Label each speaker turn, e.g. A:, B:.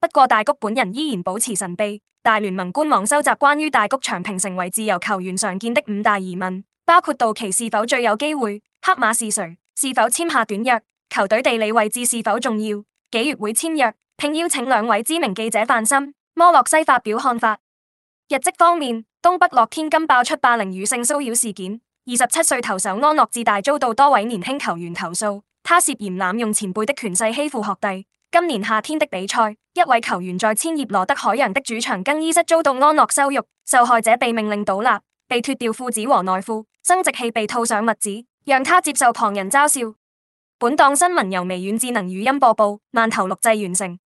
A: 不過大谷本人依然保持神秘。大聯盟官網收集關於大谷翔平成為自由球員常見的五大疑問，包括道奇是否最有機會、黑馬是誰、是否簽下短約、球隊地理位置是否重要、幾月會簽約，並邀請兩位知名記者范心、摩洛西發表看法。日職方面，東北樂天金爆出霸凌與性騷擾事件，二十七歲投手安樂智大遭到多位年輕球員投訴，他涉嫌濫用前輩的權勢欺負學弟。今年夏天的比賽，一位球員在千葉羅德海洋的主場更衣室遭到安樂羞辱，受害者被命令倒立，被脱掉褲子和內褲，生殖器被套上襪子，讓他接受旁人嘲笑。本檔新聞由微軟智能語音播報，慢頭錄製完成。